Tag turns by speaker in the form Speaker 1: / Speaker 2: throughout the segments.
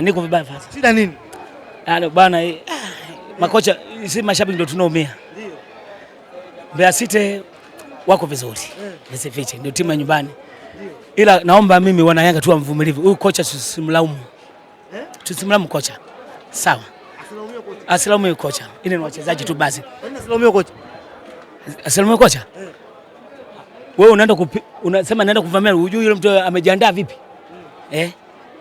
Speaker 1: Niko vibaya sasa. Shida nini? Yaani bwana eh, makocha si mashabiki ndio tunaumia. Ndio. Mbeya City wako vizuri. Nisifiche eh. ndio timu ya nyumbani. Ndio. Ila naomba mimi wana Yanga tu wamvumilivu. Huyu kocha tusimlaumu. Eh? Tusimlaumu kocha. Sawa.
Speaker 2: Asilaumiwe kocha.
Speaker 1: Asilaumiwe kocha. Ile ni wachezaji tu basi. Asilaumiwe kocha. Asilaumiwe kocha. Eh. Wewe unaenda kupi, unasema naenda kuvamia, hujui yule mtu amejiandaa vipi? Hmm. Eh?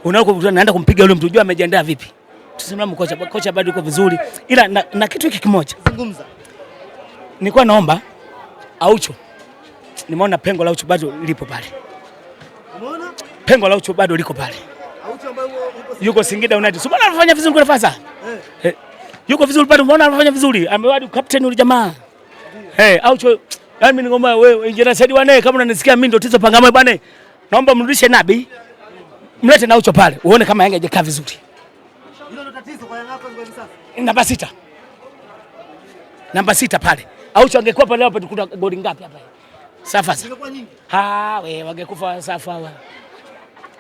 Speaker 1: unaokuta naenda kumpiga yule mtu, jua amejiandaa vipi. Tusimlamu kocha, kocha bado yuko vizuri, ila na, na kitu hiki kimoja zungumza, nilikuwa naomba Aucho, nimeona pengo la Aucho bado lipo pale, umeona pengo la Aucho bado liko pale. Aucho ambaye yuko Singida United, sio bwana, anafanya vizuri kwa fasa eh. eh, yuko vizuri bado, umeona anafanya vizuri, amewadi captain yule jamaa eh, Aucho yaani, mimi ngoma wewe, injera Said Wane, kama unanisikia mimi, ndio tizo pangamwe bwana, naomba mrudishe Nabi mlete na ucho pale uone kama Yanga haijakaa vizuri.
Speaker 2: Hilo ndo tatizo kwa Yanga hapo hivi sasa.
Speaker 1: Namba sita, namba sita pale Aucho angekuwa pale hapo tukuta goli ngapi hapa? Safa. Ingekuwa nyingi. Ha, we wangekufa Safa hawa.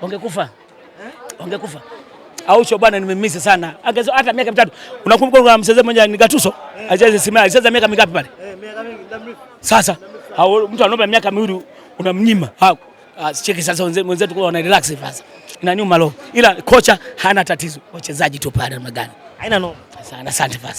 Speaker 1: Wangekufa. Eh? Wangekufa. Aucho bwana nimemisi sana. Angezo hata miaka mitatu. Unakumbuka kuna mchezaji mmoja ni Gatuso? Eh. Alicheza Simba, alicheza miaka mingapi pale?
Speaker 2: Eh, miaka mingi, muda mrefu.
Speaker 1: Sasa, mtu anaomba miaka miwili unamnyima. Ha, ah, cheki sasa wenzetu kwa wana relax sasa na nyuma low, ila kocha hana tatizo, wachezaji tu pale namna gani? Haina sana. Asante